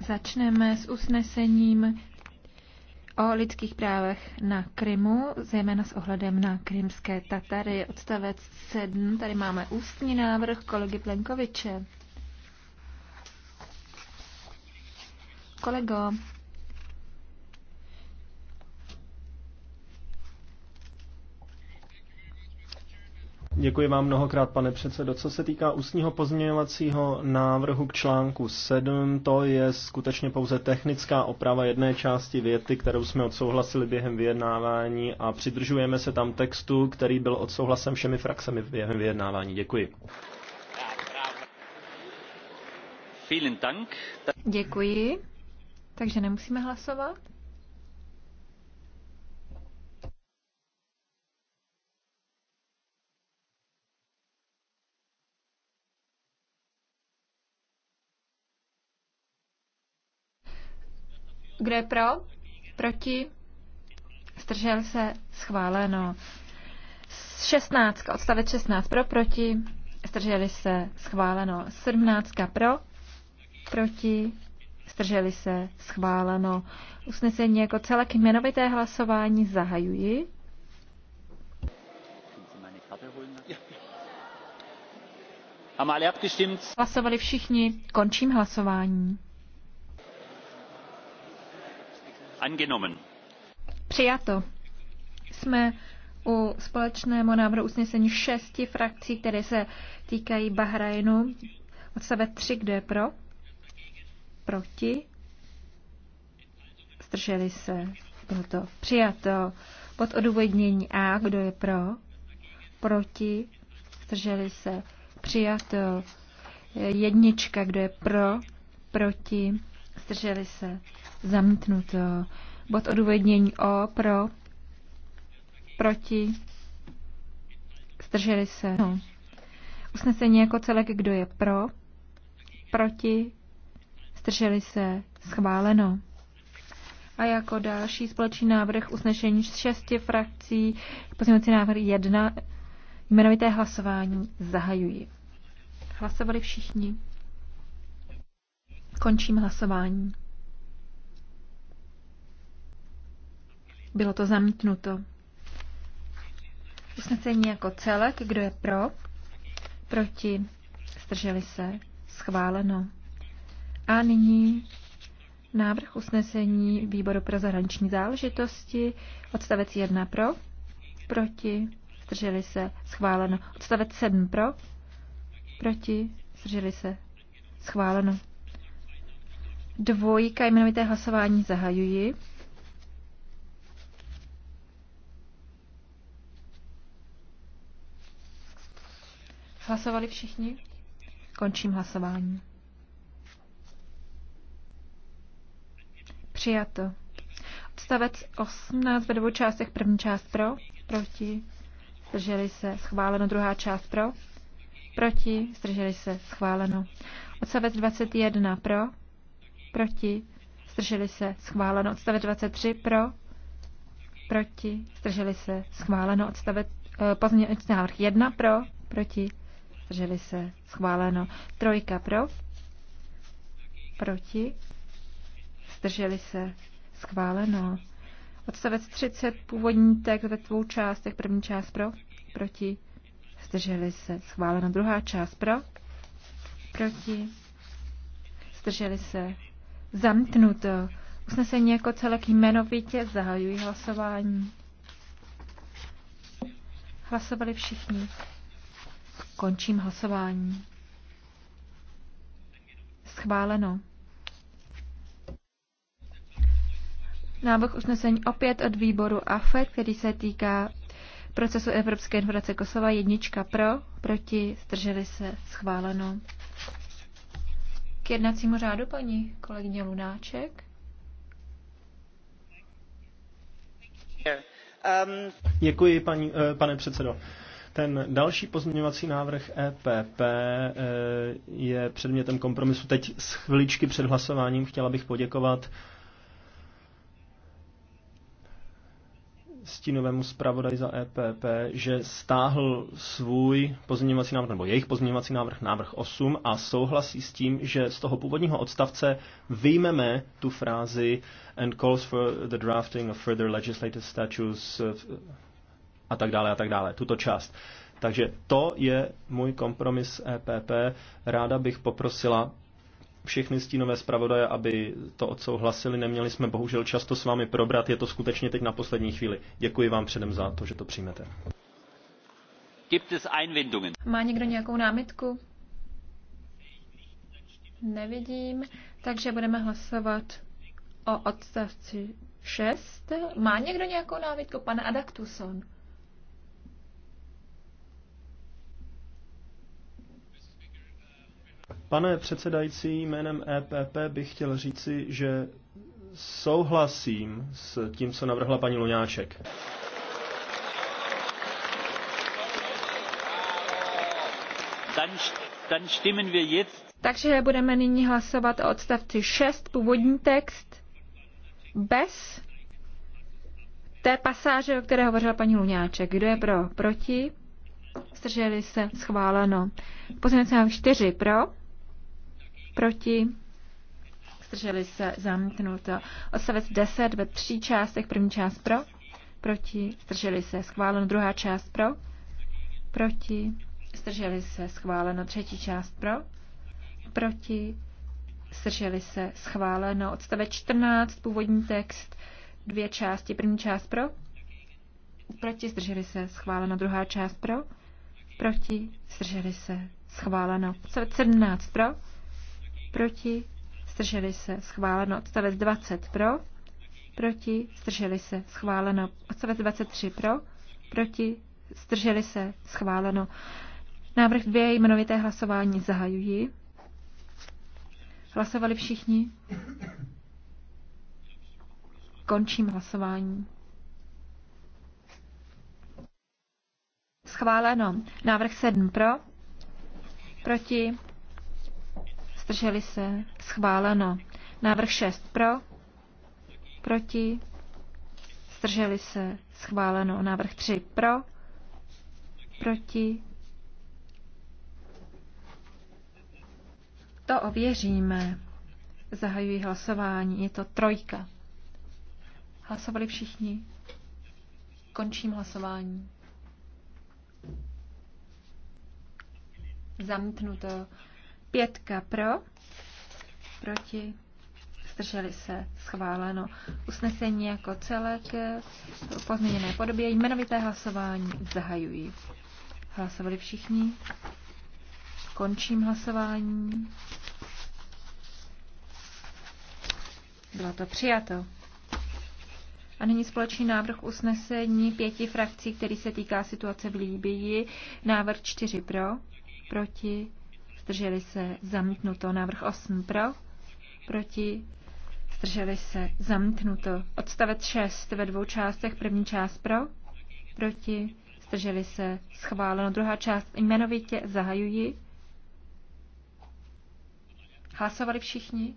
Začneme s usnesením o lidských právech na Krymu, zejména s ohledem na krymské Tatary. Odstavec 7, tady máme ústní návrh kolegy Plenkoviče. Kolego, Děkuji vám mnohokrát, pane předsedo. Co se týká ústního pozměňovacího návrhu k článku 7, to je skutečně pouze technická oprava jedné části věty, kterou jsme odsouhlasili během vyjednávání a přidržujeme se tam textu, který byl odsouhlasen všemi frakcemi během vyjednávání. Děkuji. Děkuji. Takže nemusíme hlasovat. Kdo je pro? Proti? Zdržel se? Schváleno. 16. Odstavec 16 pro, proti? Zdrželi se? Schváleno. 17. Pro? Proti? Zdrželi se? Schváleno. Usnesení jako celek jmenovité hlasování zahajuji. Hlasovali všichni. Končím hlasování. angenommen. Přijato. Jsme u společného návrhu usnesení šesti frakcí, které se týkají Bahrajnu. Odstavec 3, kdo je pro? Proti? Zdrželi se. Bylo to přijato. Pod odůvodnění A, kdo je pro? Proti? Zdrželi se. Přijato. Jednička, kdo je pro? Proti? Zdrželi se zamítnuto. Bod odůvodnění O pro, proti, zdrželi se. No. Usnesení jako celek, kdo je pro, proti, zdrželi se, schváleno. A jako další společný návrh usnesení šesti frakcí, pozměňovací návrh jedna, jmenovité hlasování zahajuji. Hlasovali všichni. Končím hlasování. Bylo to zamítnuto. Usnesení jako celek, kdo je pro, proti, strželi se, schváleno. A nyní návrh usnesení výboru pro zahraniční záležitosti, odstavec 1 pro, proti, strželi se, schváleno. Odstavec 7 pro, proti, strželi se, schváleno. Dvojka jmenovité hlasování zahajuji. Hlasovali všichni? Končím hlasování. Přijato. Odstavec 18 ve dvou částech. První část pro, proti, zdrželi se, schváleno. Druhá část pro, proti, zdrželi se, schváleno. Odstavec 21 pro, proti, zdrželi se, schváleno. Odstavec 23 pro, proti, zdrželi se, schváleno. Odstavec, eh, pozměňovací návrh 1 pro, proti, zdrželi se, schváleno. Trojka pro, proti, zdrželi se, schváleno. Odstavec 30, původní text ve dvou částech, první část pro, proti, zdrželi se, schváleno. Druhá část pro, proti, zdrželi se, zamknuto. Usnesení jako celek jmenovitě zahajují hlasování. Hlasovali všichni. Končím hlasování. Schváleno. Návrh usnesení opět od výboru AFE, který se týká procesu Evropské informace Kosova. Jednička pro, proti, zdrželi se, schváleno. K jednacímu řádu paní kolegyně Lunáček. Děkuji, paní, eh, pane předsedo. Ten další pozměňovací návrh EPP eh, je předmětem kompromisu. Teď z chviličky před hlasováním chtěla bych poděkovat stínovému zpravodaj za EPP, že stáhl svůj pozměňovací návrh, nebo jejich pozměňovací návrh, návrh 8 a souhlasí s tím, že z toho původního odstavce vyjmeme tu frázi and calls for the drafting of further legislative statutes eh, a tak dále a tak dále, tuto část. Takže to je můj kompromis EPP. Ráda bych poprosila všechny stínové zpravodaje, aby to odsouhlasili. Neměli jsme bohužel často s vámi probrat, je to skutečně teď na poslední chvíli. Děkuji vám předem za to, že to přijmete. Má někdo nějakou námitku? Nevidím, takže budeme hlasovat o odstavci 6. Má někdo nějakou námitku? Pane Adaktuson. Pane předsedající, jménem EPP bych chtěl říci, že souhlasím s tím, co navrhla paní Luňáček. Takže budeme nyní hlasovat o odstavci 6, původní text, bez té pasáže, o které hovořila paní Luňáček. Kdo je pro? Proti? Zdrželi se? Schváleno. Pozměnit 4 pro? proti, zdrželi se zamítnuto. Odstavec 10 ve tří částech, první část pro, proti, zdrželi se schváleno, druhá část pro, proti, zdrželi se schváleno, třetí část pro, proti, zdrželi se schváleno. Odstavec 14, původní text, dvě části, první část pro, proti, zdrželi se schváleno, druhá část pro, proti, zdrželi se schváleno. 17 pro, proti, strželi se, schváleno. Odstavec 20 pro, proti, strželi se, schváleno. Odstavec 23 pro, proti, strželi se, schváleno. Návrh dvě jmenovité hlasování zahajují. Hlasovali všichni? Končím hlasování. Schváleno. Návrh 7 pro, proti, Zdrželi se? Schváleno. Návrh 6 pro? Proti? Zdrželi se? Schváleno. Návrh 3 pro? Proti? To ověříme. Zahajuji hlasování. Je to trojka. Hlasovali všichni. Končím hlasování. zamknuto Pětka pro, proti, zdrželi se, schváleno. Usnesení jako celek v pozměněné podobě jmenovité hlasování zahajují. Hlasovali všichni. Končím hlasování. Bylo to přijato. A nyní společný návrh usnesení pěti frakcí, který se týká situace v Líbii. Návrh čtyři pro, proti, zdrželi se, zamítnuto. Návrh 8 pro, proti, zdrželi se, zamítnuto. Odstavec 6 ve dvou částech, první část pro, proti, zdrželi se, schváleno. Druhá část jmenovitě zahajuji. Hlasovali všichni?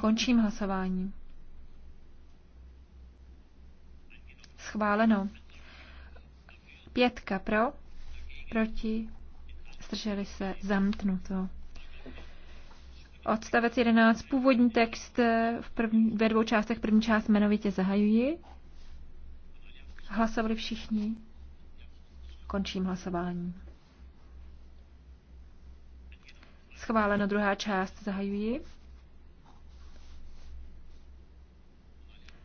Končím hlasování. Schváleno. Pětka pro, proti, zdrželi se, zamknuto. Odstavec 11, původní text eh, v první, ve dvou částech, první část jmenovitě zahajuji. Hlasovali všichni. Končím hlasování. Schváleno druhá část, zahajuji.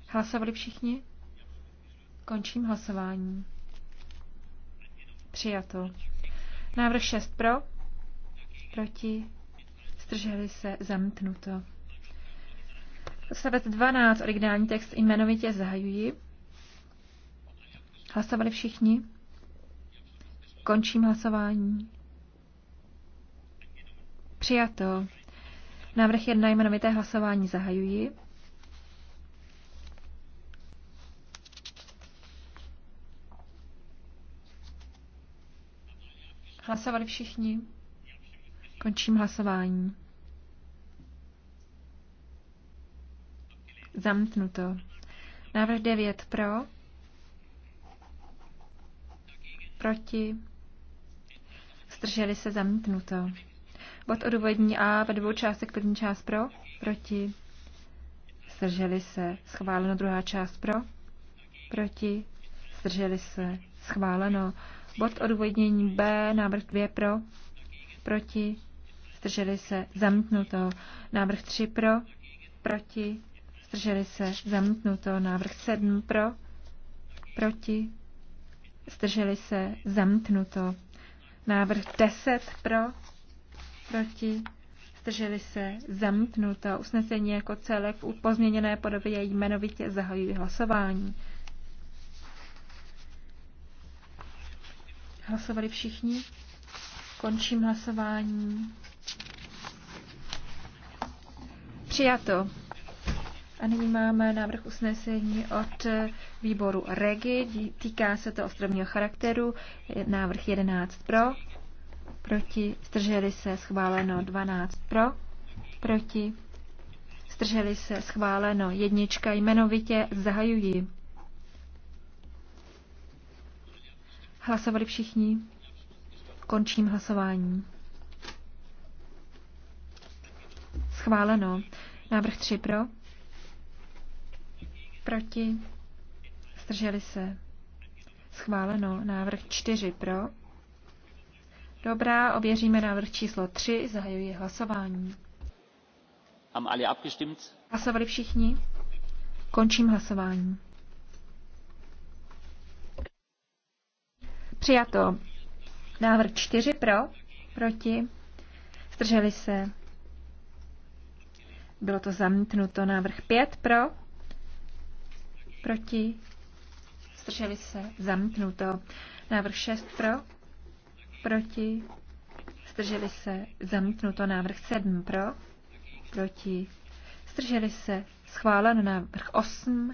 Hlasovali všichni? Končím hlasování. Přijato. Návrh 6 pro, proti, zdrželi se, zamítnuto. Odstavec 12, originální text jmenovitě zahajuji. Hlasovali všichni? Končím hlasování. Přijato. Návrh 1 jmenovité hlasování zahajuji. Hlasovali všichni? Končím hlasování. Zamknuto. Návrh 9 pro. Proti. Zdrželi se zamítnuto. Bod odůvodní A ve dvou částech první část pro. Proti. Zdrželi se. Schváleno druhá část pro. Proti. Zdrželi se. Schváleno. Bod odůvodnění B, návrh 2 pro, proti, zdrželi se, zamítnuto. Návrh 3 pro, proti, zdrželi se, zamítnuto. Návrh 7 pro, proti, zdrželi se, zamítnuto. Návrh 10 pro, proti, zdrželi se, zamítnuto. Usnesení jako celek v pozměněné podobě je jmenovitě zahajují hlasování. Hlasovali všichni. Končím hlasování. Přijato. A nyní máme návrh usnesení od výboru REGI. Týká se to ostrovního charakteru. Návrh 11 pro. Proti. Zdrželi se. Schváleno 12 pro. Proti. Zdrželi se. Schváleno jednička. Jmenovitě zahajují. Hlasovali všichni? Končím hlasování. Schváleno. Návrh 3 pro. Proti. Zdrželi se. Schváleno. Návrh 4 pro. Dobrá, ověříme návrh číslo 3. Zahajuji hlasování. Hlasovali všichni? Končím hlasování. Přijato. Návrh 4 pro, proti, zdrželi se. Bylo to zamítnuto. Návrh 5 pro, proti, zdrželi se. Zamítnuto. Návrh 6 pro, proti, zdrželi se. Zamítnuto. Návrh 7 pro, proti, zdrželi se. Schváleno návrh 8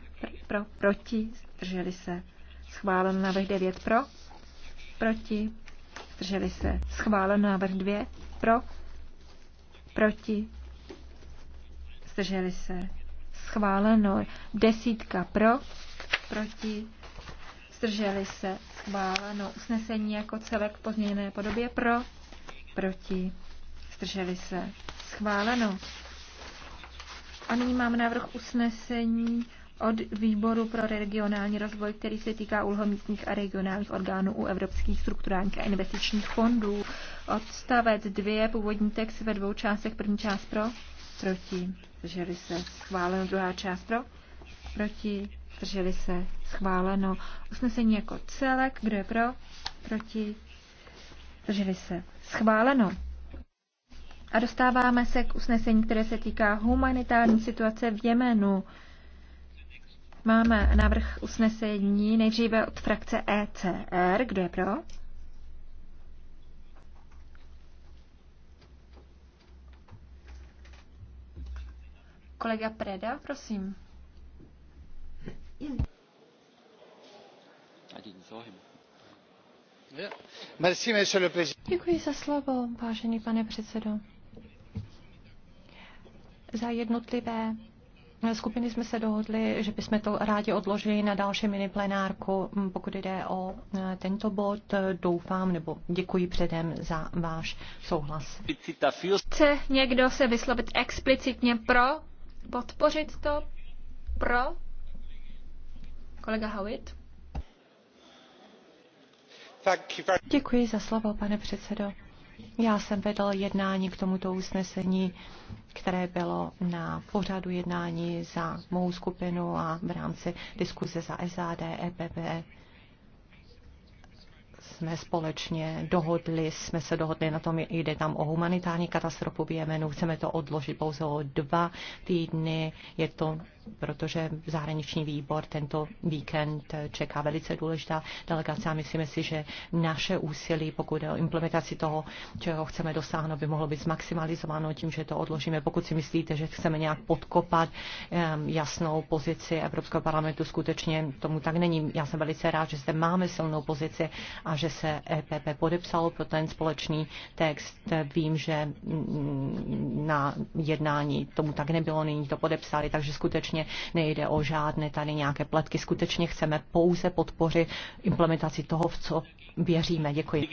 pro, proti, zdrželi se. Schváleno návrh 9 pro, proti, zdrželi se. Schválen návrh dvě, pro, proti, zdrželi se. Schváleno desítka pro, proti, zdrželi se. Schváleno usnesení jako celek v pozměněné podobě pro, proti, zdrželi se. Schváleno. A nyní mám návrh usnesení od výboru pro regionální rozvoj, který se týká úlohomístních a regionálních orgánů u evropských strukturálních a investičních fondů. Odstavec 2, původní text ve dvou částech, první část pro, proti, drželi se, schváleno, druhá část pro, proti, drželi se, schváleno. Usnesení jako celek, kdo je pro, proti, drželi se, schváleno. A dostáváme se k usnesení, které se týká humanitární situace v Jemenu. Máme návrh usnesení nejdříve od frakce ECR. Kdo je pro? Kolega Preda, prosím. Děkuji za slovo, vážený pane předsedo. Za jednotlivé skupiny jsme se dohodli, že bychom to rádi odložili na další mini plenárku. Mm, pokud jde o e, tento bod, doufám nebo děkuji předem za váš souhlas. Chce někdo se vyslovit explicitně pro? Podpořit to? Pro? Kolega Howitt? Děkuji za slovo, pane předsedo. Já jsem vedl jednání k tomuto usnesení, které bylo na pořadu jednání za mou skupinu a v rámci diskuze za SAD, EPP. Jsme společně dohodli, jsme se dohodli na tom, jde tam o humanitární katastrofu v Jemenu, chceme to odložit pouze o dva týdny, je to protože zahraniční výbor tento víkend čeká velice důležitá delegace a myslíme si, že naše úsilí, pokud je o implementaci toho, čeho chceme dosáhnout, by mohlo být zmaximalizováno tím, že to odložíme. Pokud si myslíte, že chceme nějak podkopat jasnou pozici Evropského parlamentu, skutečně tomu tak není. Já jsem velice rád, že zde máme silnou pozici a že se EPP podepsalo pro ten společný text. Vím, že mm, na jednání tomu tak nebylo, nyní to podepsali, takže skutečně skutečně nejde o žádné tady nějaké pletky. Skutečně chceme pouze podpořit implementaci toho, v co věříme. Děkuji.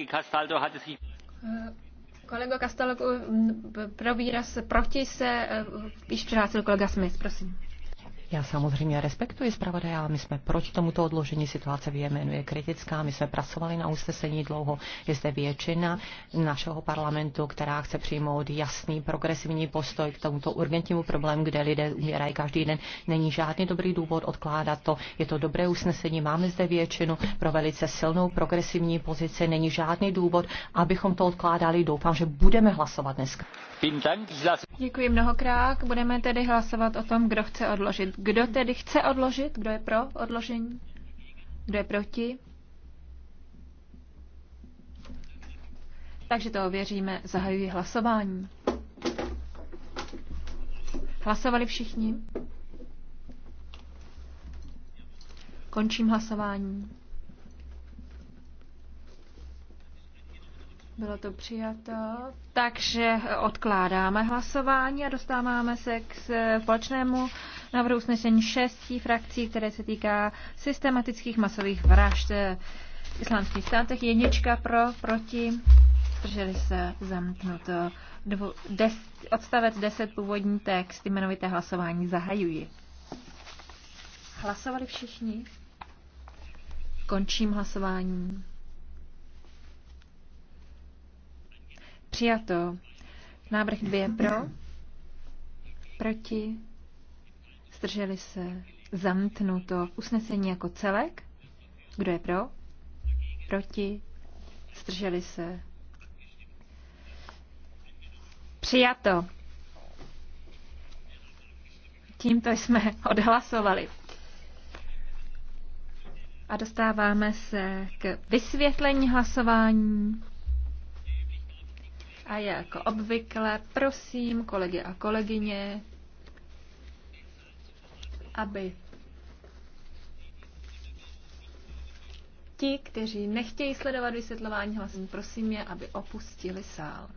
Kolego Castaldo, mm, pro výraz proti se eh, již přihlásil kolega Smith, prosím. Já samozřejmě respektuji zpravodaj, ale my jsme proti tomuto odložení. Situace v Jemenu je kritická. My jsme pracovali na usnesení dlouho. Je zde většina našeho parlamentu, která chce přijmout jasný progresivní postoj k tomuto urgentnímu problému, kde lidé umírají každý den. Není žádný dobrý důvod odkládat to. Je to dobré usnesení. Máme zde většinu pro velice silnou progresivní pozici. Není žádný důvod, abychom to odkládali. Doufám, že budeme hlasovat dneska. Děkuji mnohokrát. Budeme tedy hlasovat o tom, kdo chce odložit kdo tedy chce odložit? Kdo je pro odložení? Kdo je proti? Takže to ověříme. Zahajuji hlasování. Hlasovali všichni? Končím hlasování. Bylo to přijato. Takže odkládáme hlasování a dostáváme se k společnému návrh usnesení šesti frakcí, které se týká systematických masových vražd v islámských státech. Jednička pro, proti, drželi se zamknout. Dvo, des, odstavec 10 původní text, jmenovité hlasování zahajuji. Hlasovali všichni? Končím hlasování. Přijato. Návrh dvě pro. Proti. Zdrželi se? Zamítnuto. Usnesení jako celek? Kdo je pro? Proti? Zdrželi se? Přijato. Tímto jsme odhlasovali. A dostáváme se k vysvětlení hlasování. A jako obvykle prosím kolegy a kolegyně, aby ti, kteří nechtějí sledovat vysvětlování hlasů, prosím je, aby opustili sál.